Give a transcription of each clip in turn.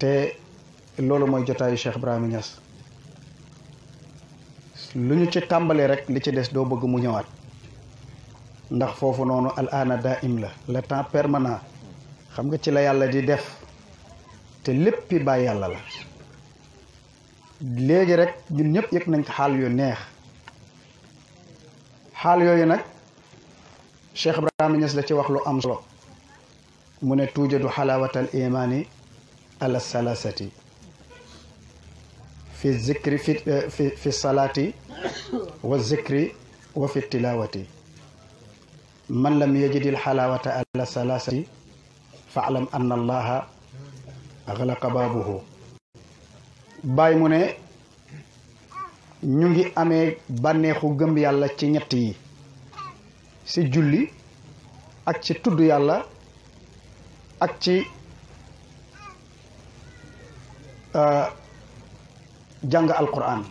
te loolu mooy jotaayu Cheikh Ibrahima Niass lu ñu ci tàmbali rek li ci des doo bëgg mu ñëwaat ndax foofu noonu al ana daim la le temps permanent xam nga ci la yàlla di def te léppi bàyyi yàlla la léegi rek ñun ñépp yëg nañ xaal yu neex xaal yooyu nag Cheikh Ibrahima Niass la ci wax lu am solo mu ne tuujadu xalaawatal imaani ala salasati fi zikri fi eh, fi fi salaati wa zikri wa fi tilawati man lam yajidil xalaawata ala salasati faalam anna allaha axlaqa baabuhu bàyyi mu ne ñu ngi amee bànneexu gëm yàlla ci ñett yi ci julli ak ci tudd yàlla ak ci Euh, jàng alquran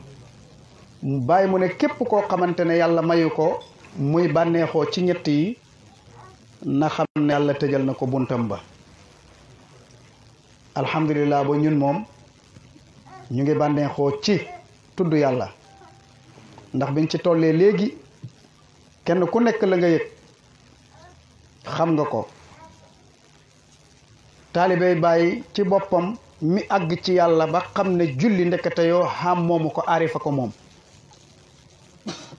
bàyyi mu ne képp koo xamante ne yàlla mayu ko muy bànneexoo ci ñett yi na xam ne yàlla tëjal na ko buntam ba alhamdulilah ba ñun moom ñu ngi bànneexoo ci tudd yàlla ndax biñ ci tollee léegi kenn ku nekk la nga yëg xam nga ko taalibey bàyyi ci boppam mi àgg ci yàlla ba xam ne julli ndekete yoo xam moomu ko aarifa ko moom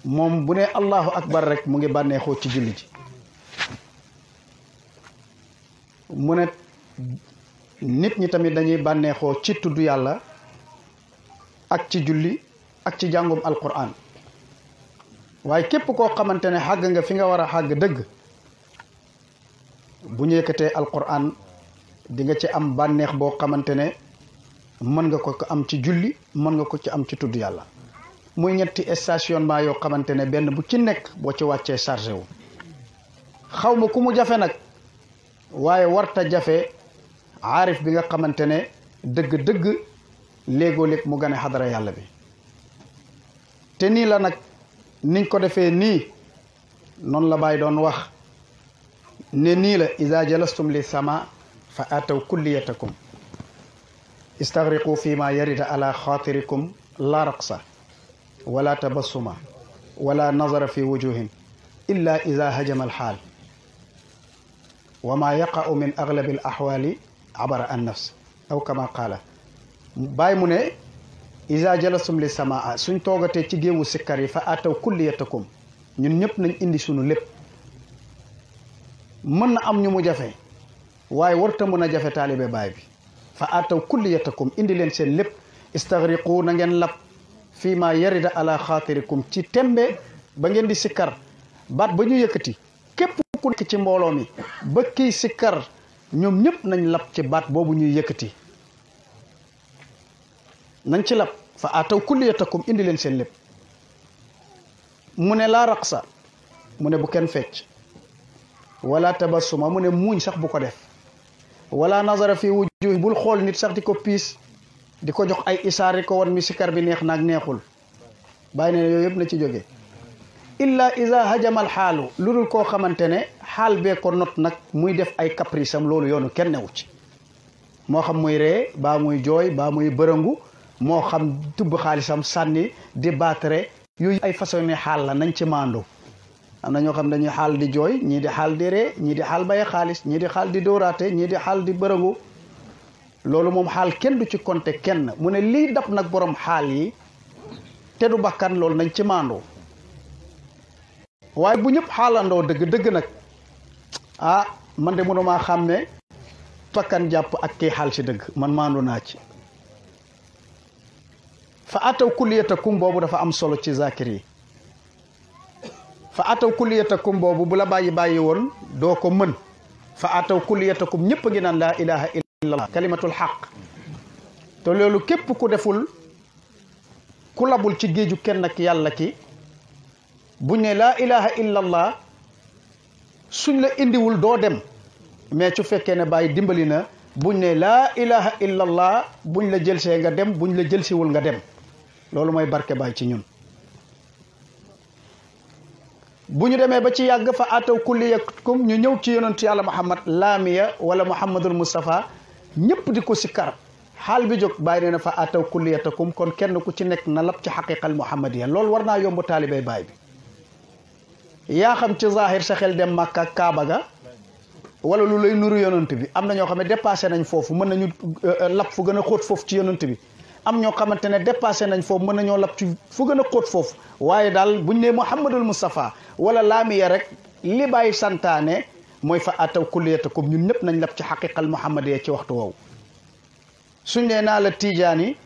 moom bu ne allahu akbar rek mu ngi bànneexoo ci julli ji mu ne nit ñi tamit dañuy bànneexoo ci tudd yàlla ak ci julli ak ci jàngum alquran waaye képp koo xamante ne xàgg nga fi nga war a xàgg dëgg bu ñu yëkkatee alquran dinga ci am bànneex boo xamante ne mën nga ko am ci julli mën nga ko ci am ci tudd yàlla muy ñetti stationnement yoo xamante ne benn bu ci nekk boo ci wàccee chargé wu xawma ma ku mu jafe nag waaye warta jafe aarif bi nga xamante ne dëgg-dëgg léegoo léeg mu gane xadara yàlla bi te nii la nag niñ ko defee nii noonu la bàyyi doon wax ne nii la iza jalastum li sama fa ataw kulliyatakum istagriqu fi yarida ala xaatirikum la raqsa wala tabassuma wala nazara fi wujuhin illa ida hajama alxaal wa ma min aglabi al axwaali abara an nafs aw kama qaala bàyyi mu ne isa jalasum li samaa suñ toogatee ci géewu sikkar fa ataw kulliyatakum ñun ñëpp nañ indi sunu lépp mën na am ñu mu jafe waaye warta mën a jafe taalibe baay bi fa aataw kulliyatakum indi leen seen lépp istagriqu na ngeen lab fii ma yarida ala xaatirikum ci tembe ba ngeen di sikkar baat ba ñu yëkkati képp ku nekk ci mbooloo mi ba kii sikkar ñoom ñëpp nañ lab ci baat boobu ñuy yëkkati nañ ci lab fa aataw kulliyatakum indi leen seen lépp mu ne laa raqsa mu ne bu kenn fecc wala tabasuma mu ne muuñ sax bu ko def wala nazara fi wujuh bul xool nit sax di ko piis di ko jox ay isaar di ko wan mi sikar bi neex naag neexul bàyyi ne yooyu yëpp na ci jóge illa isa hajamal xaalu lu dul koo xamante ne xaal bee ko not nag muy def ay caprice loolu yoonu kenn newu ci moo xam muy ree baa muy jooy baa muy bërëngu moo xam tubb xaalisam sànni di baatre yooyu ay façon ne xaal la nañ ci maandu am na ñoo xam dañuy xaal di jooy ñii di xaal di ree ñii di xaal baye xaalis ñii di xaal di dóoraate ñii di xaal di bërëngu loolu moom xaal kenn du ci konte kenn mu ne lii dab nag borom xaal yi te du bakkan loolu nañ ci maandoo waaye bu ñëpp xaalandoo dëgg dëgg nag ah man de mënumaa xàmmee bakkan jàpp ak kii xaal ci dëgg man maandu naa ci fa ataw kulliyatakum boobu dafa am solo ci zakir yi fa ataw kulliyatakum boobu bu la bàyyi bàyyi woon doo ko mën fa ataw kulliyatakum ñëpp a ngi naan laa ilaha illallah kalimatul xaq to loolu képp ku deful ku labul ci géeju kenn ak yàlla ki buñ ne laa ilaha illallah suñ la indiwul doo dem mais su fekkee ne bàyyi dimbali na buñ ne laa ilaha illallah buñ la jëlsee nga dem buñ la jëlsiwul nga dem loolu mooy barke bàyyi ci ñun bu ñu demee ba ci yàgg fa ataw kulliyakum ñu ñëw ci yonentu yàlla muhammad laamiya wala muhammadul mustafa ñëpp di ko si sikkar xaal bi jóg bàyyi nee na fa ataw kulliyatakum kon kenn ku ci nekk na lab ci xaqiqal muhammadiya lool war naa yomb taalibay baay bi yaa xam ci zahir saxel xel dem màkka kaaba ga wala lu lay nuru yonent bi am na ñoo xam ne dépassé nañ foofu mën nañu euh, euh, lab fu gën a xóot foofu ci yonent bi am ñoo xamante ne dépassé nañ foofu mën nañoo lab ci fu gën a xóot foofu waaye daal buñ ne Muhammadul Mustafa wala laamiya rek li bàyyi santaane mooy fa ataw kulliyatakum ñun ñëpp nañ lab ci xaqiqal muhammadiya ci waxtu woowu suñ nee naa la tijaani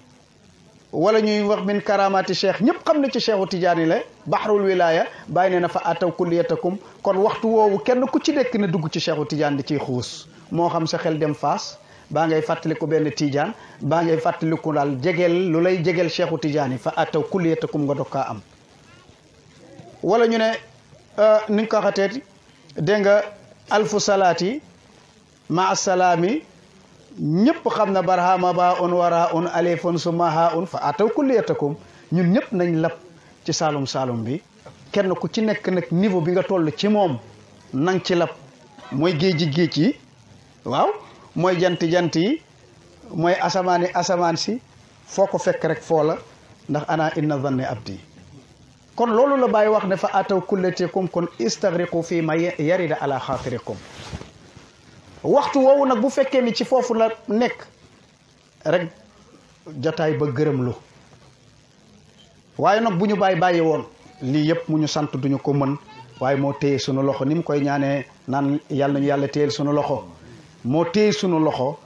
wala ñuy wax min karamati cheikh ñëpp xam ne ci cheikhu tijaani la bahrul wilaya bàyyi nee na fa ataw kulliyatakum kon waxtu woowu kenn ku ci nekk na dugg ci cheikhu tijaani di ciy xuus moo xam sa xel dem faas baa ngay fàttaliku benn tijaan baa ngay fàttaliku daal jegeel lu lay jegeel cheikhu tijaan yi fa ataw kulliyatakum nga dog kaa am wala ñu ne euh, ni nga ko waxatee dégg alfu salaati ma salaami ñëpp xam na barhama ba un wara un alifun summa ha un fa ataw kulliyatakum ñun ñëpp nañ lab ci saalum saalum bi kenn ku ci nekk nag niveau bi nga toll ci moom nang ci lab mooy géej ji géej yi waaw mooy jant jant yi mooy asamaani asamaan si foo ko fekk rek foola ndax anaa inna zanne abdi kon loolu la bàyyi wax ne fa ataw kullatikum kon istagriqu fii ma yari yarida ala xaatirikum waxtu woowu nag bu fekkee ni ci foofu la nekk rek jotaay ba gërëm lu waaye nag bu ñu bàyyi bàyyi woon lii yëpp mu ñu sant duñu ko mën waaye moo téye sunu loxo ni mu koy ñaanee naan yàlla ñu yàlla téyel sunu loxo moo téye sunu loxo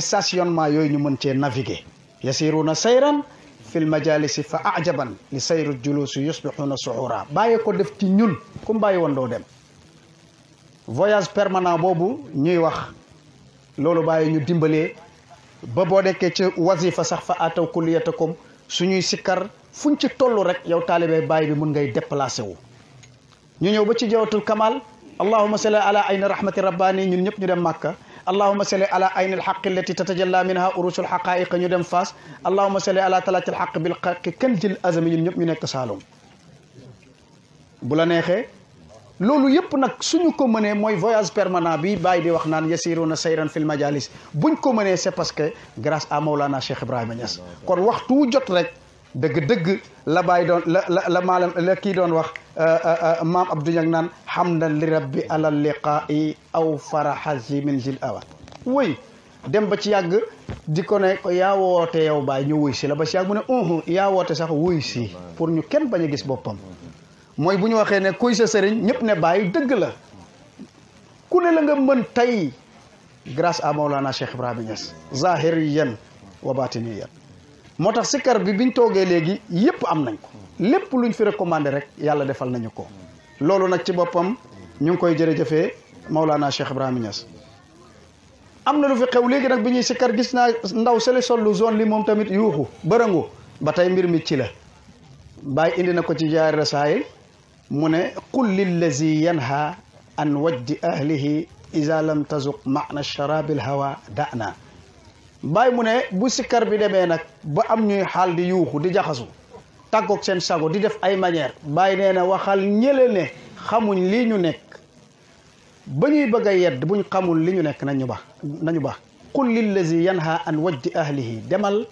stationnement yooyu ñu mën cee naviguer yasiruuna sayran fil majalisi fa ajaban li sayru julusi yusbixuuna suxura bàyyee ko def ci ñun kum bàyyi woon doo dem voyage permanent boobu ñuy wax loolu bàyyi ñu dimbalee ba boo nekkee ci wasifa sax fa ataw kulliyatakum suñuy sikkar fuñ ci toll rek yow taalibe bàyyi bi mun ngay déplacé wu ñu ñëw ba ci jawatul kamal allahuma salli ay ayni rahmati rabbani ñun ñëpp ñu dem màkka allahuma salli ala ayni alxaqi allati tatajalla minha urusu alxaqaiqa ñu dem faas allahuma salli ala talaati alxaq bil xaqi kan jil azami ñun ñëpp ñu nekk saalum bu la neexee loolu yëpp nag suñu ko mënee mooy voyage permanent bi bàyyi di wax naan yasiruna sayran fil majalis buñ ko mënee c'est parce que grâce à Maulana Cheikh Ibrahima Niass kon waxtu jot rek dëgg-dëgg la bàyyi doon la la la maalam la kii doon wax euh, euh, euh, maam Abdou Niang naan hamdan li rabbi ala liqaa'i aw farahazi min zil awa woy dem ba ci yàgg di ko ne yaa woote yow bàyyi ñu wuy la ba ci yàgg mu ne uhu yaa woote sax wuy pour ñu kenn bañ a gis boppam mooy bu ñu waxee ne kuy sa sëriñ ñëpp ne bàyyi dëgg la ku ne la nga mën tey grâce à Maulana Cheikh Ibrahima Niass zahiriyan wa batiniyan moo tax sikkar bi biñ toogee léegi yépp am nañ ko lépp luñ fi recommandé rek yàlla defal nañu ko loolu nag ci boppam ñu ngi koy jërëjëfee Maulana Cheikh Ibrahima Niass am na lu fi xew léegi nag bi ñuy sikkar gis naa ndaw seli sollu zone li moom tamit yuuxu bërëngu ba tey mbir mi ci la bàyyi indi na ko ci jaari rasaayil mu ne qul lillazi yanha an wajdi ahlihi ida lam tazuq maana sharabil hawa da'na bàyyi mu ne bu sikkar bi demee nag ba am ñuy xaal di yuuxu di jaxasu tàggoog seen sago di def ay manière bàyyi nee na waxal ñële ne xamuñ lii ñu nekk ba ñuy bëgg a yedd buñ xamul li ñu nekk nañu ba nañu ba qul lillazi yanha an wajdi ahlihi demal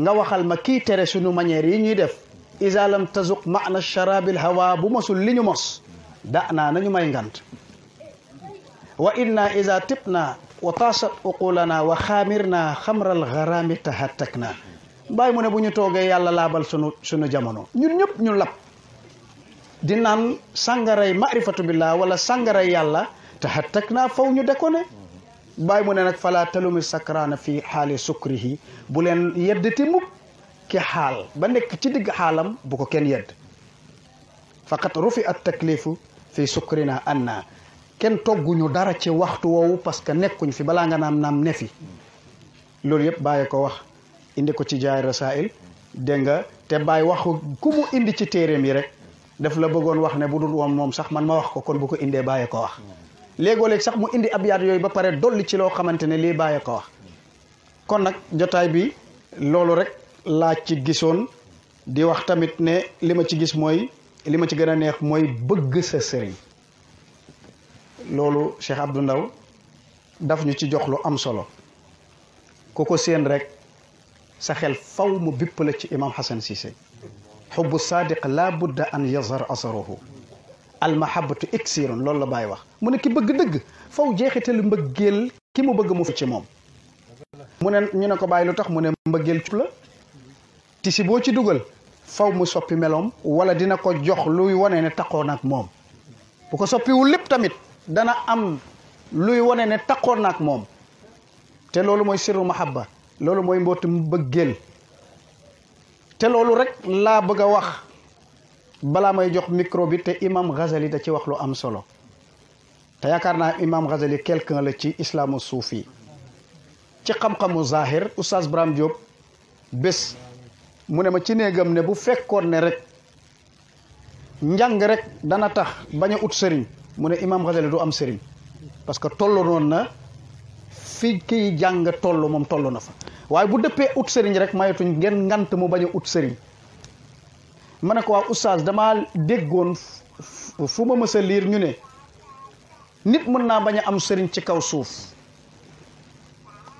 nga waxal ma kii tere suñu manière yi ñuy def isa lam tazuq maana sharabil hawa bu mosul li ñu mos da naa nañu may ngant wa inna isa tib naa wa taasat uqulana wa xaamir xamral xaraami tahattak naa bàyyi mu ne bu ñu toogee yàlla laabal sunu sunu jamono ñun ñëpp ñu lab di naan sàngaray marifatu billah wala sàngaray yàlla tahattak naa faw ñu dekone bàyyi mu ne nag fala talumi sakraana fi xaali sukrihi bu leen yeddati mukk ki xaal ba nekk ci digg xaalam bu ko kenn yedd faqat rufi at taklifu fi sukrina anna kenn togguñu dara ci waxtu woowu parce que nekkuñ fi balaa nga naam naam ne fi loolu yëpp bàyyi ko wax indi ko ci jaay rasail dégg nga te bàyyi wax ku mu indi ci téeréem yi rek daf la bëggoon wax ne bu dul woon moom sax man ma wax ko kon bu ko indee bàyyi ko wax léegoo léeg sax mu indi ab yooyu ba pare dolli ci loo xamante ne lii bàyyi ko wax kon nag jotaay bi loolu rek laa ci gisoon di wax tamit ne li ma ci gis mooy li ma ci gën a neex mooy bëgg sa sëriñ loolu Cheikh Abdou Ndaw daf ñu ci jox lu am solo ku ko séen rek sa xel faw mu bipp la ci imam Hassan Cissé xubbu sadiq laa budda an yazhar asaruhu almahabatu iksirun loolu la bàyyi wax mu ne ki bëgg dëgg faw jeexitalu mbëggeel ki mu bëgg mu fi ci moom mu ne ñu ne ko bàyyi lu tax mu ne mbëggeel cuub la ti boo ci dugal faw mu soppi meloom wala dina ko jox luy wone ne taqoon ak moom bu ko soppiwul lépp tamit dana am luy wane ne takkoon na ak moom te loolu mooy sirru mahabba loolu mooy mbootu mbëggeel te loolu rek laa bëgg a wax balaa may jox micro bi te imam Ghazali da ci wax lu am solo te yaakaar naa imam Ghazali quelqu'un la ci islaamu suufi ci xam-xamu zahir oustaz Braham Diop bés mu ne ma ci néegam ne bu fekkoon ne rek njàng rek dana tax bañ a ut sëriñ mu ne imaam Xasali du am sëriñ parce que toll noonu na fi kiy jàng toll moom toll na fa waaye bu dëppee ut sëriñ rek mayatuñ ngeen ngant mu bañ a ut sëriñ ma ne ko waa oustaz damaa déggoon fu ma mës liir ñu ne nit mën naa bañ am sëriñ ci kaw suuf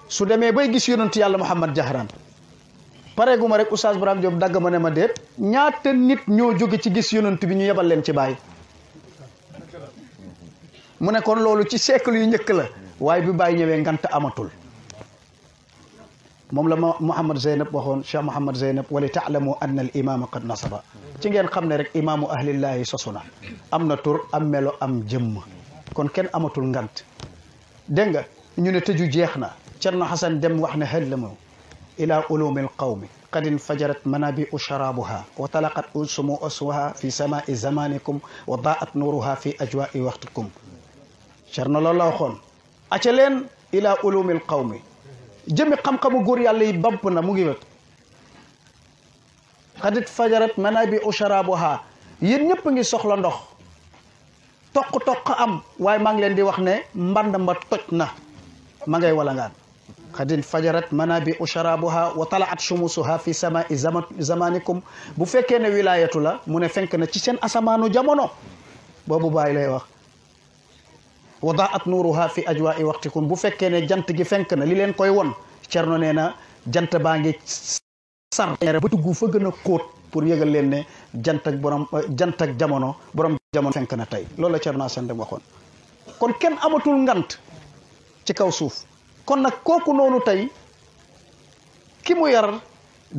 su demee bay gis yonent yàlla Muhammad Jahraan pareegu ma rek oustaz Braham Diop dagg ma ne ma déet ñaata nit ñoo jóge ci gis yonent bi ñu yebal leen ci bàyyi mu ne kon loolu ci siècle yu njëkk la waaye bi bàyyi ñëwee ngant amatul moom la Mouhamad Zeynab waxoon Cheikh Mouhamad Zeynab wali taalamu anna al imaama qad nasaba ci ngeen xam ne rek imaamu ahlillahi sosu na am na tur am melo am jëmm kon kenn amatul ngant dégg nga ñu ne tëju jeex na Cerno Xasan dem wax ne hëllama ila ulumi al qawmi qad infajarat manabiu sharabuha wa talaqat sumusuha fi samai zamanikum wa daat nuruha fi ajwaai waxtikum Cerno loolu la waxoon aca leen ila ulumil qawmi jëmi xam-xamu góor yàlla yi bamp na mu ngi wet xadit fajarat manabi usharabuha yéen ñëpp ngi soxla ndox toq-toq am waaye maa ngi leen di wax ne mband mba toj na ma ngay walangaan xadit fajarat manabi usharabuha wa talaat shumusuha fi samai zamanikum bu fekkee ne wilayatu la mu ne fenk na ci seen asamaanu jamono boobu baay lay wax wadaat nuuruha fi ajwaa'i waqtikum bu fekkee ne jant gi fenk na li leen koy won cerno nee na jant baa ngi sar ba tugg fa gën a xóot pour yëgal leen ne jant ak borom ak jamono borom jamono fenk na tey loolu la cerno Assane Deme waxoon kon kenn amatul ngant ci kaw suuf kon nag kooku noonu tey ki mu yar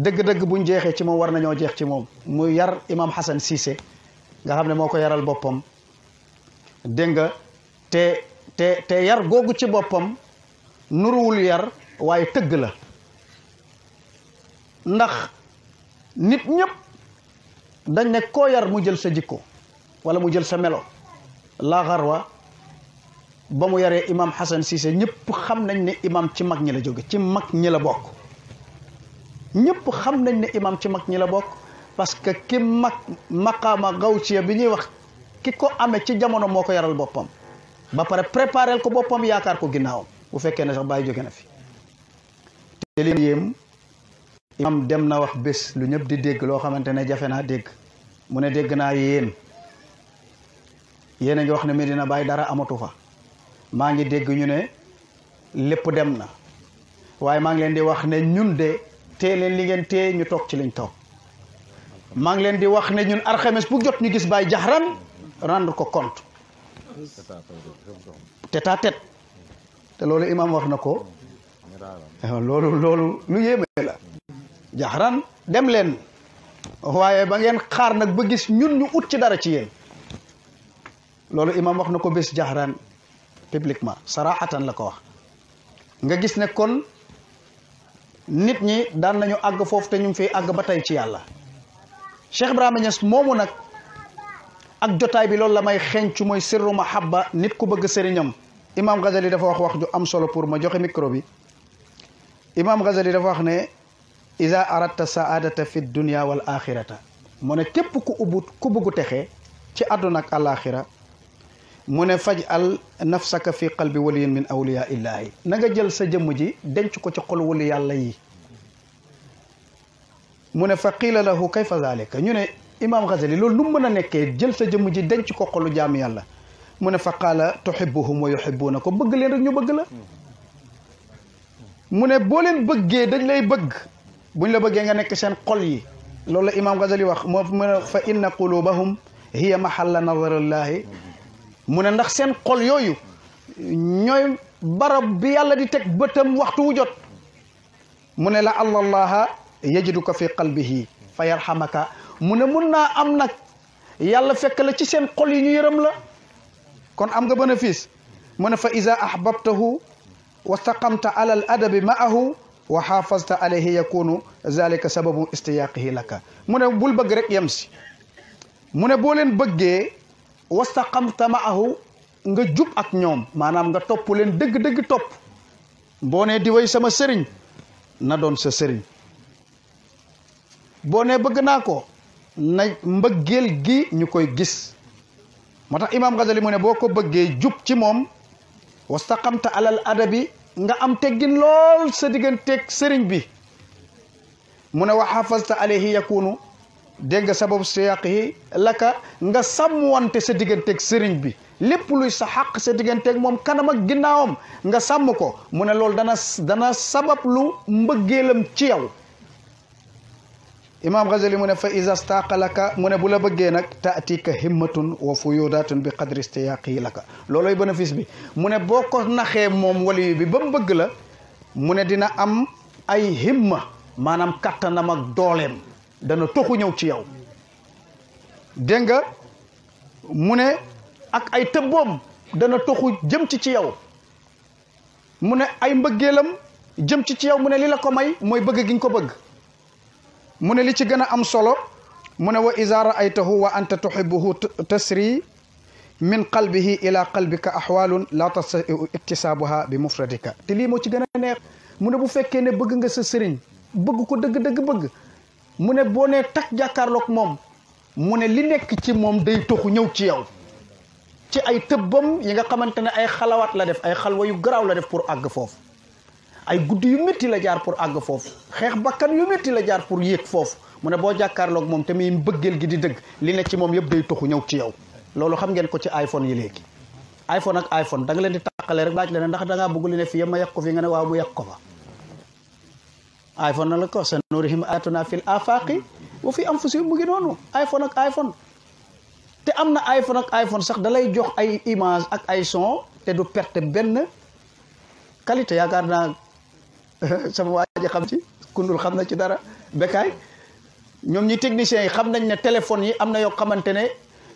dëgg-dëgg buñ jeexee ci moom war nañoo jeex ci moom mu yar imam Hassan Cissé nga xam ne moo ko yaral boppam dégg nga te te te yar googu ci boppam nuruwul yar waaye tëgg la ndax nit ñëpp dañ ne koo yar mu jël sa jikko wala mu jël sa melo laa xarwa ba mu yaree imam Hassan Cissé ñëpp xam nañ ne imam ci mag ñi la jóge ci mag ñi la bokk ñëpp xam nañ ne imam ci mag ñi la bokk parce que ki mag maqaama gawciya bi ñuy wax ki ko ame ci jamono moo ko yaral boppam ba pare préparel ko boppam yaakaar ko ginnaawam bu fekkee ne sax bàyyi jóge na fi te leen yéem imam dem na wax bés lu ñëpp di dégg loo xamante ne jafe naa dégg mu ne dégg naa yéen yéen a ngi wax ne Medina Baye dara amatu fa maa ngi dégg ñu ne lépp dem na waaye maa ngi leen di wax ne ñun de tee leen li ngeen tee ñu toog ci liñ toog maa ngi leen di wax ne ñun alxames bu jot ñu gis Baye jaxran rend ko compte tête à tête te loolu imam wax na ko eh, loolu loolu lu yéeme la jaxran dem leen waaye ba ngeen xaar nag ba gis ñun ñu ut ci dara ci yéen loolu imam wax na ko bés jaxran publiquement saraxatan la ko wax nga gis ne kon nit ñi daan nañu àgg foofu te ñu ngi àgg ba tey ci yàlla Cheikh Ibrahima moomu nag ak jotaay bi loolu la may xencu mooy sirru mahabba nit ku bëgg sëriñam imam Ghazali dafa wax wax ju am solo pour ma joxe micro bi imam Ghazali dafa wax ne ida aradta saadata fi dunia wal axirata mu ne képp ku ubbut ku bëggu texe ci àdduna ak alaxira mu ne faj al nafsaka fi qalbi waliyin min awliya jël sa jëmm ji denc ko ci xol wali yàlla yi mu ne fa qiila lahu kayfa zalika ñu imaam Ghazali loolu lu mu mën a nekkee jël sa jëmm ji denc ko xolu jaamu yàlla mu ne fa qaala tuhibbuhum wa yuhibbuunakum bëgg leen rek ñu bëgg la mu ne boo leen bëggee dañ lay bëgg buñ la bëggee nga nekk seen xol yi loolu la imaam Ghazali wax moo mu ne fa inna qulubahum hiya mahalla nazarillahi mu ne ndax seen xol yooyu ñooy barab bi yàlla di teg bëtam waxtu wu jot mu ne la allallaha yajiduka fi qalbihi fa yarhamaka mu ne mun naa am nag yàlla fekk la ci seen xol yi ñu yërëm la kon am nga bénéfice mu ne fa ida ahbabtahu wastaqamta ala al adabi maahu wa xaafazta alayhi yakunu zalika sababu istiyaqihi laka mu ne bul bëgg rek yem si mu ne boo leen bëggee wastaqamta maahu nga jub ak ñoom maanaam nga topp leen dëgg-dëgg topp boo nee di way sama sëriñ na doon sa sëriñ boo ne bëgg naa ko na mbëggeel gi ñu koy gis moo tax imaam Gazali mu ne boo ko bëggee jub ci moom wastaqamta alal adabi nga am teggin lool sa digganteeg sëriñ bi mu ne wa xafasta alayhi yakunu dégg nga sababu siyaq yi lakka nga sàmmwante sa digganteeg sëriñ bi lépp luy sa xaq sa digganteeg moom kanam ginnaawam nga sàmm ko mu ne loolu dana dana sabab lu mbëggeelam ci yow imaam Ghazali mu ne fa iza staqalaka mu ne bu la bëggee nag taatika himmatun wa fuyudatun bi qadri istiyaqi laka looloy bénéfice bi mu ne boo ko naxee moom wali bi ba mu bëgg la mu ne dina am ay himma maanaam kattanam ak dooleem dana toxu ñëw ci yow dégg nga mu ne ak ay tëbboom dana toxu jëm ci ci yow mu ne ay mbëggeelam jëm ci ci yow mu ne li la ko may mooy bëgg gi nga ko bëgg mu ne li ci gën a am solo mu ne wa ay raaytahu wa anta tuhibuhu tasri min qalbihi ila qalbika ahwalun la tastati'u iktisaabuha bi mufradika te lii moo ci gën a neex mu ne bu fekkee ne bëgg nga sa sëriñ bëgg ko dëgg-dëgg bëgg mu ne boo nee tak jàkkaarloog moom mu ne li nekk ci moom day toxu ñëw ci yow ci ay tëbbam yi nga xamante ne ay xalawaat la def ay xalwa yu garaaw la def pour àgg foofu ay guddi yu métti la jaar pour àgg foofu xeex bakkan yu métti la jaar pour yéeg foofu mu ne boo jàkkaarloog moom te muy mbëggeel gi di dëgg li ne ci moom yëpp day toxu ñëw ci yow loolu xam ngeen ko ci iPhone yi léegi iPhone ak iPhone da nga leen di tàqale rek laaj la ne ndax da ngaa bëgg li ne fii yëpp ma yàq ko fi nga ne waaw mu yàq ko fa iPhone na la ko sa nurihim ayatuna fil afaqi wa fi anfusihim mu ngi noonu iPhone ak iPhone te am na iPhone ak iPhone sax da jox ay image ak ay son du perte benn qualité yaakaar naa sama waa ji xam ci kundul xam na ci dara bekaay ñoom ñi techniciens yi xam nañ ne téléphone yi am na yoo xamante ne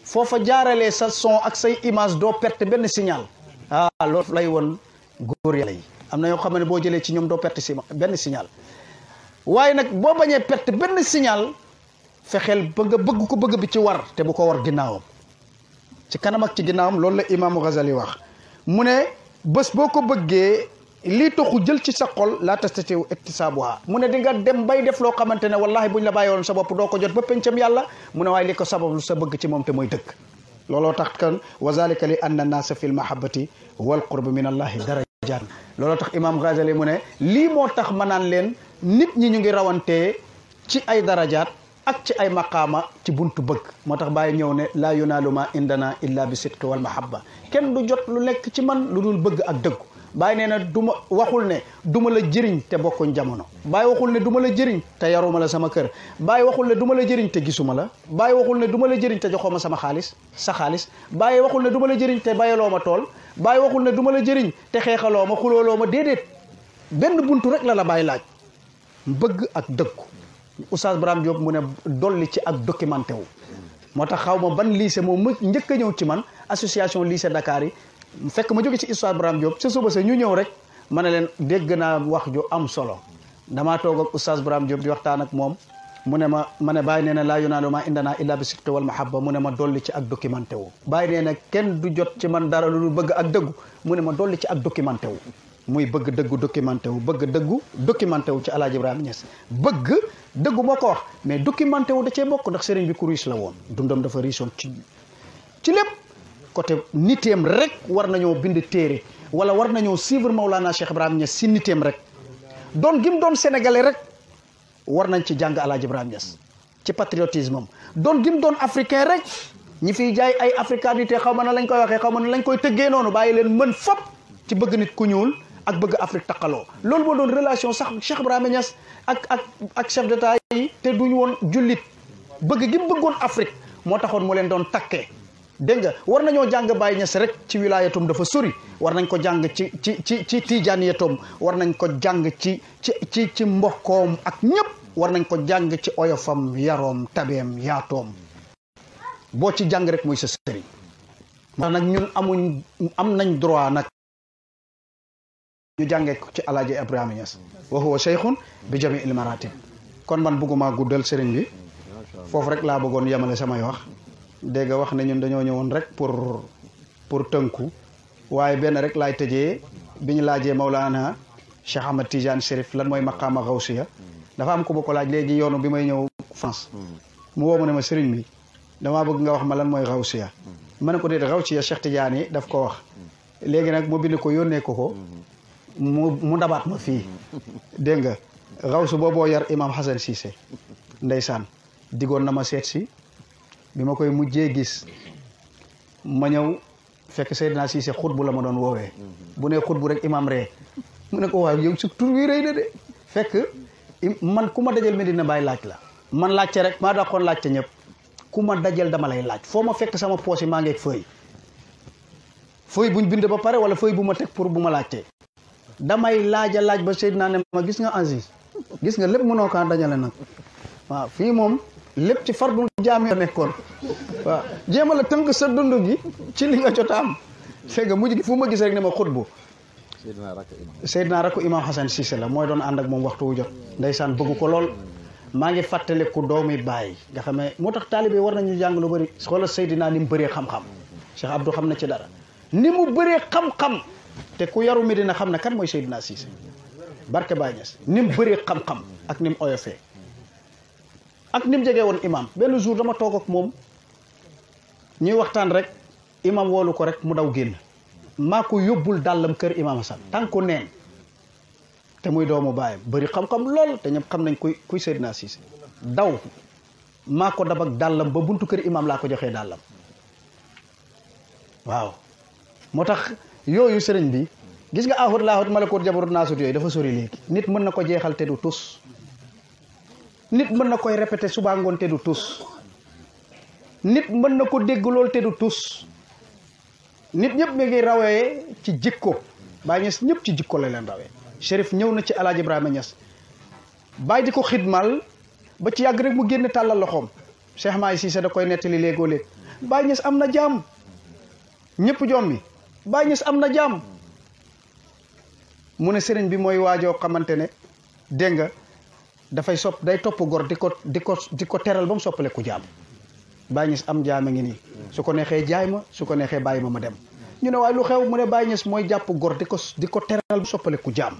foofa jaaralee sa son ak say image doo perte benn signal ah loolu lay woon góor yàlla am na yoo xam ne boo jëlee ci ñoom doo perte si benn signal waaye nag boo bañee perte benn signal fexeel ba bëgg ko bëgg bi ci war te bu ko war ginnaawam ci kanam ak ci ginnaawam loolu la imaamu Ghazali wax mu ne bës boo ko bëggee lii taxu jël ci sa xol laa tastatiu iktisaabuha mu ne di dem bay def loo xamante ne wallahi buñ la bàyyoon sa bopp doo ko jot ba pencam yàlla mu ne waaye li ko sabablu sa bëgg ci moom te mooy dëkk looloo tax kan wa zalika li anna naasa fi lmahabati wal qurbi min allahi darajaan looloo tax imam Ghazali mu ne lii moo tax ma naan leen nit ñi ñu ngi rawantee ci ay darajaat ak ci ay maqaama ci buntu bëgg moo tax bàyyi ñëw ne laa yunaalu ma indana illa bi sidqi wal mahabba kenn du jot lu nekk ci man lu dul bëgg ak dëggu bàyyi nee na du ma waxul ne du ma la jëriñ te bokkuñ jamono Baay waxul ne duma la jëriñ te yaruma la sama kër bàyyi waxul ne duma la jëriñ te gisuma la bàyyi waxul ne duma la jëriñ te joxoo ma sama xaalis sa xaalis bàyyi waxul ne duma la jëriñ te bayaloo ma tool bàyyi waxul ne du ma la jëriñ te xeexaloo ma xulooloo ma déedéet benn buntu rek la la Baay laaj bëgg ak dëkku Oustaz Braham Diop mu ne dolli ci ak documenté wu moo tax xaw ma ban lycée moo mu njëkk a ñëw ci man association lycée yi fekk ma jóge ci histoire Braham Diop ca suba sa ñu ñëw rek ma ne leen dégg naa wax ju am solo damaa toog ak oustaz Braham Diop di waxtaan ak moom mu ne ma ma ne bàyyi nee na laa yunaalu maa indanaa illa bi sibti wal mahabba mu ne ma dolli ci ak documenté wu bàyyi nee na kenn du jot ci man dara lu bëgg ak dëggu mu ne ma dolli ci ak documenté wu muy bëgg dëggu documenté wu bëgg dëggu documenté wu ci Alaaji Ibrahima Niass bëgg dëggu moo ko wax mais documenté wu da cee bokk ndax sëriñ bi ku woon dundam dafa riche ci ci lépp côté niteem rek war nañoo bind téere wala war nañoo suivre Maulana Cheikh Ibrahim Niass si niteem rek doon gim doon sénégalais rek war nañ ci jàng Alaaji Ibrahim ci patriotisme am doon gim doon africain rek ñi fiy jaay ay africanité xaw ma na lañ koy waxee xaw ma na lañ koy tëggee noonu bàyyi leen mën fop ci bëgg nit ku ñuul ak bëgg Afrique taqaloo loolu moo doon relation sax Cheikh Ibrahima ak ak ak chef d'état yi te duñu woon jullit bëgg gi bëggoon Afrique moo taxoon mu leen doon takkee dégg nga war nañoo jàng Baye Niass rek ci wilaayatum dafa sori war nañ ko jàng ci ci ci ci tijaaniyatum war nañ ko jàng ci ci ci ci mbokkoom ak ñëpp war nañ ko jàng ci oyofam yaroom tabeem yaatoom boo ci jàng rek mooy sa sëriñ ndax nag ñun amuñ am nañ droit nag ñu jàngee ko ci alaaji Ibrahima Niass wa huwa cheikhun bi jami il maratib kon man bi foofu rek laa bëggoon yemale samay wax dégg nga wax ne ñun dañoo ñëwoon rek pour pour tënku waaye benn rek laay tëjee bi ñu laajee Maulana Cheikh Ahmad Tidiane Chérif lan mooy maqaama xawsiya dafa am ku ko laaj léegi yoonu bi may ñëw France mu woo ne ma sëriñ mi damaa bëgg nga wax ma lan mooy xawsiya ma ne ko déet xawsiya Cheikh Tidiane yi daf ko wax léegi nag mu bind ko yónnee ko ko mu mu dabaat ma fii dégg nga xawsu booboo yar imam Hassan Cissé ndeysaan diggoon na ma seet si bi ma koy mujjee gis ma ñëw fekk Seydina Cissé bu la ma doon woowee bu ne xutbu rek imam ree mu ne ko waaw yow su tur wi rëy na de fekk man ku ma dajal Medina Baye laaj la man laaj laajte rek maa daqoon laajte ñëpp ku ma dajal dama lay laaj foo ma fekk sama poos yi maa ngeeg feuille feuille buñ bind ba pare wala feuille bu ma teg pour bu ma laajtee damay laaja laaj ba Seydina ne ma gis nga Aziz gis nga lépp mënoo kaa dajale nag waaw fii moom lépp ci fardul jaami la nekkoon waaw jéem a la tënk sa dund gi ci li nga jot a am fekk mujj gi fu ma gis rek ne ma xutbu Seydina rakku Imam Hassan Cissé la mooy doon ànd ak moom waxtu wu jot ndeysaan bëgg ko lool maa ngi fàttaliku doomi baay nga xam ne moo tax taalibe war nañu jàng lu bëri xoola Seydina ni mu bëree xam-xam Cheikh Abdou xam na ci dara ni bëree xam te ku yaru mi dina xam na kan mooy Seydina Cissé barke Baay Ñas ni mu bëree xam-xam ak ni oyofee ak ni mu jegee woon imaam benn jour dama toog ak moom ñuy waxtaan rek imaam woolu ko rek mu daw génn maa ko yóbbul dàllam kër imaam Hassan tànku neen te muy doomu baayam bari xam-xam lool te ñëpp xam nañ kuy kuy Seydina Cissé daw maa ko dab dàllam ba buntu kër imaam laa ko joxee dàllam waaw moo tax yooyu sëriñ bi gis nga ahut laahut malakoot jabarut naasut yooyu dafa sori léegi nit mën na ko jeexal te du tus nit mën na koy répété suba ngoon te du tus nit mën na ko dégg lool te du tus nit ñëpp mi ngi rawee ci jikko Baay Ñas ñëpp ci jikko la leen rawee Chérif ñëw na ci El Hadj Ibrahima Ñas bàyyi di ko xidmal ba ci yàgg rek mu génn tàllal loxoom Cheikh Maay Cissé da koy nettali léegoo léeg Baay Ñas am na jàmm ñëpp jommi Baay Ñas am na jàmm mu ne sëriñ bi mooy waajoo xamante ne dégg nga dafay sopp day topp gor di ko di ko di ko teral ba mu soppale ku jaam bàyyi ñes am jaam a ngi nii su ko neexee jaay ma su ko neexee bàyyi ma ma dem ñu ne waaye lu xew mu ne bàyyi ñes mooy jàpp gor di ko di ko teral ba mu soppale jaam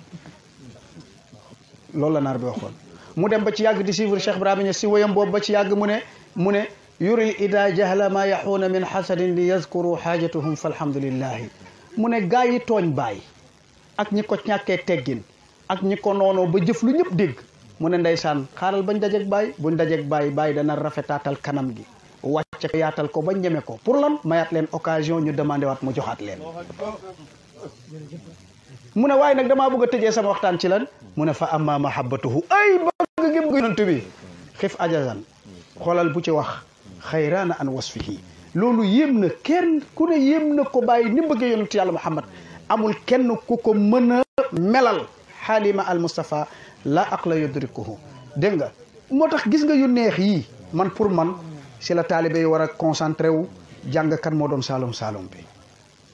loolu la naar bi waxoon mu dem ba ci yàgg di suivre Cheikh Ibrahima Niass si woyam boobu ba ci yàgg mu ne mu ne yuril ida jahla ma yaxuuna min xasadin li yazkuru xaajatuhum fa alhamdulillahi mu ne gaa yi tooñ baay ak ñi ko ñàkkee teggin ak ñi noonoo ba jëf ñëpp dégg mu ne ndeysaan xaaral bañ dajeeg bàyyi buñ dajeeg bàyyi bàyyi dana rafetaatal kanam gi wàcce ko yaatal ko ba ñeme ko pour lan mayaat leen occasion ñu demandé waat mu joxaat leen mu ne waaye nag damaa bëgg a tëjee sama waxtaan ci lan mu ne fa amma mahabbatuhu ay bëgg gi bëgg ajazan xoolal bu ci wax xayraana an wasfihi loolu yéem na kenn ku ne yéem na ko bàyyi ni bëggee yonent yàlla muhammad amul kenn ku ko mën a melal xaalima al mustafa la aqla yudrikuhu dégg nga moo tax gis nga yu neex yii man pour man si la taalibe yi war a concentré wu jàng kan moo doon saalum saalum bi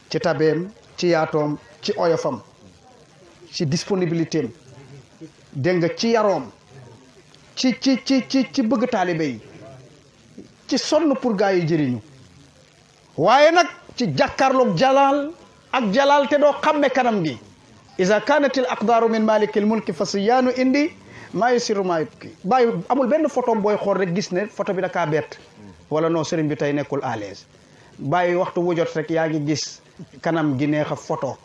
ci tabeem ci yaatoom ci oyofam ci disponibilité am dégg nga ci yaroom ci ci ci ci ci bëgg taalibe yi ci sonn pour gaa yi jëriñu waaye nag ci jàkkaarloog jalaal ak jalaal te doo xàmme kanam gi ida kanat al aqdaaru min maliki al mulki fa siyaanu indi maa yusiru maa yubki amul benn photom booy xool rek gis ne foto bi da kaa bett wala noo sëriñ bi tey nekkul à l'aise bàyyi waxtu wu jot rek yaa ngi gis kanam gi neex a photo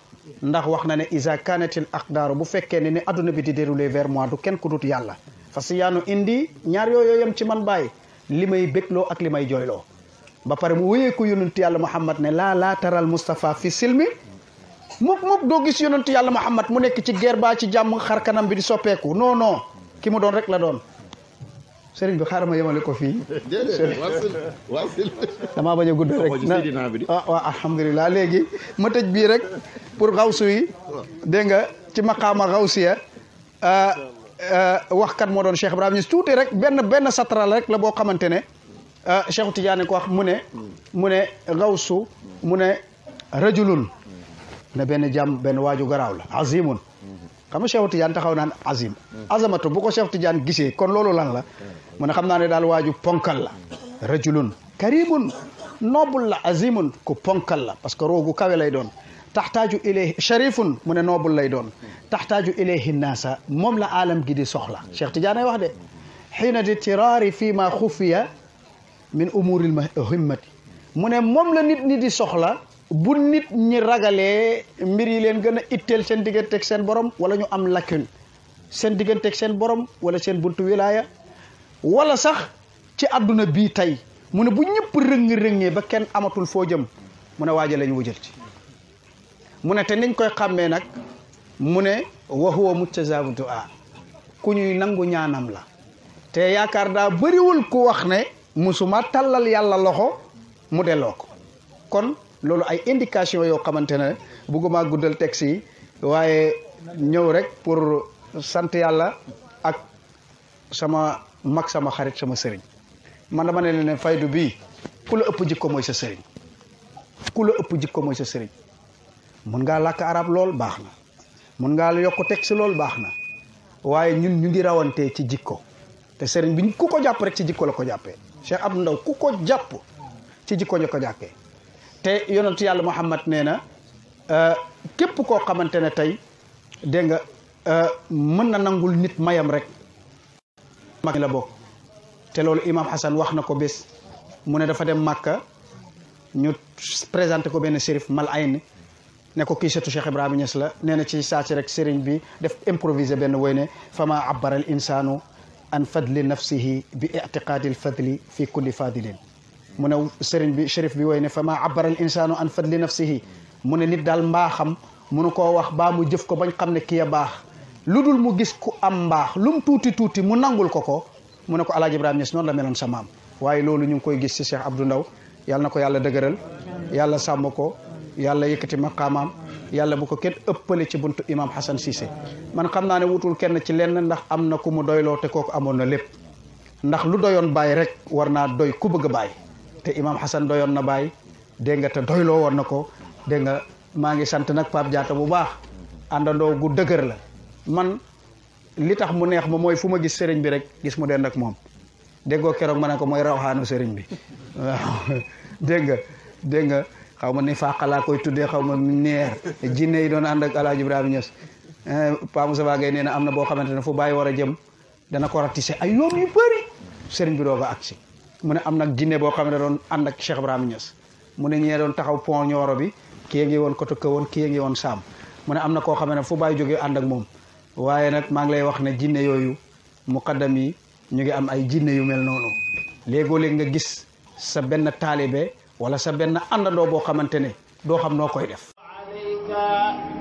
ndax wax na ne isa kanatil aqdaaru bu fekkee ne ne adduna bi di déroulé vers moi du kenn ku yàlla fa si yaanu indi ñaar yooyu yem ci man baay li may bégloo ak li may jooyloo ba pare mu wéyeeku yonent yàlla muhammad ne laa laa taral moustapha fi silmi mukk mukk doo gis yonentu yàlla Muhammad mu nekk ci geer ba ci jàmm xar kanam bi di soppeeku non non ki mu doon rek la doon sëriñ bi xaaral ma yemale ko fii damaa bañ a gudd rek ah waaw alhamdulilah léegi ma tëj bii rek pour xawsu yi dégg nga ci maqaama xawsiya ah, ah, waxkat moo doon Cheikh Ibrahima tuuti rek benn benn satral rek la boo xamante ne ah, Cheikh Tidiane ko wax mu ne mu ne xawsu mu ne rajulun na benn jàmm benn waaju garaaw la azimun xam nga Cheikh Tidiane taxaw naan azim azamatu bu ko Cheikh Tidiane gisee kon loolu lan la mu ne xam naa ne daal waaju ponkal la rajulun karimun noobul la azimun ku ponkal la parce que roogu kawe lay doon taxtaaju ilayhi sharifun mu ne noobul lay doon taxtaaju ilayhi naasa moom la alam gi di soxla Cheikh Tidiane wax de xiina di tiraari fii ma xufiya min umuril muhimmati mu ne moom la nit ñi di soxla bu nit ñi ragalee mbir yi leen gën a itteel seen digganteeg seen borom wala ñu am lacune seen digganteeg seen borom wala seen buntu wilaaya wala sax ci àdduna bii tey mu ne bu ñëpp rëng-rëngee ba kenn amatul foo jëm mu ne waaja lañu wujal ci mu ne te niñ koy xàmmee nag mu ne wa huwa mustajabu du'a ku ñuy nangu ñaanam la te yaakaar daa bëriwul ku wax ne musuma tàllal yàlla loxo mu delloo ko kon loolu ay indication yoo xamante ne bëgguma guddal texte yi waaye ñëw rek pour sant yàlla ak sama mag sama xarit sama sëriñ man dama ne leen faydu bii ku la ëpp jikko mooy sa sëriñ ku la ëpp jikko mooy sa sëriñ mun ngaa làkk arab lool baax na mun ngaa yokk texte lool baax na waaye ñun ñu ngi rawantee ci jikko te sëriñ bi ku ko jàpp rek ci jikko la ko jàppee Cheikh Abdou Ndaw ku ko jàpp ci jikko ña ko jàkkee te yonentu yàlla Muhammad nee na euh, képp koo xamante ne tey dégg nga euh, mën na nangul nit mayam rek mag la bokk te loolu imam Hassan wax na ko bés mu ne dafa dem Màkka ñu présenté ko benn sérif mal ayn ne ko kii setu Cheikh Ibrahima Niass la nee na ci saa rek sëriñ bi def improvisé benn woy ne fama abbara al insaanu an fadli nafsihi bi itiqaadi al fadli fi kulli fadilin mu ne sëriñ bi serif bi woy ne fa maa abara al li an fadli nafsihi mu ne nit daal mbaaxam munu koo wax baa mu jëf ko bañ xam ne kii a baax lu dul mu gis ku am mbaax lu mu tuuti tuuti mu nangul ko ko mu ne ko alaaji ibrahima ñes noonu la meloon sa maam waaye loolu ñu ngi koy gis ci Cheikh Abdou Ndaw yàlla na ko yàlla dëgëral yàlla sàmm ko yàlla yëkkati maqaamaam yàlla bu ko kenn ëppale ci buntu imam Hassan Cissé man xam naa ne wutul kenn ci lenn ndax am na ku mu doyloo te kooku amoon na lépp ndax lu doyoon bàyyi rek war naa doy ku bëgg a bàyyi te imaam Xasan doyoon na baay dégg nga te doyloo woon na ko dégg nga maa ngi sant nag Pape jaata bu baax àndandoo gu dëgër la man li tax mu neex ma mooy fu ma gis sëriñ bi rek gis mu den ak moom déggoo keroog ma ne ko mooy raw xaano sëriñ bi waaw dégg nga dégg nga xaw ma ni fàqalaa koy tuddee xaw ma neer jinne yi doon ànd ak Alaaji Ibrahima Niass eh, Pa Moussa Bagay nee na am na boo xamante ne fu bàyyi war a jëm dana ko ratissé ay yoon yu bëri sëriñ bi doo ko mu ne am nag jinne boo xam ne doon ànd ak Cheikh Ibrahima Niass mu ne ñee doon taxaw pont Nioro bi kii ngi woon Koto Kawoon kii ngi woon Saam mu ne am na koo xam ne fu bàyyi jógee ànd ak moom waaye nag maa ngi lay wax ne jinne yooyu muqaddam yi ñu ngi am ay jinne yu mel noonu léegoo léeg nga gis sa benn taalibe wala sa benn àndandoo boo xamante ne doo xam noo koy def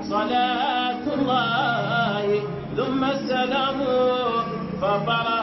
salaatullahi thumma salaamu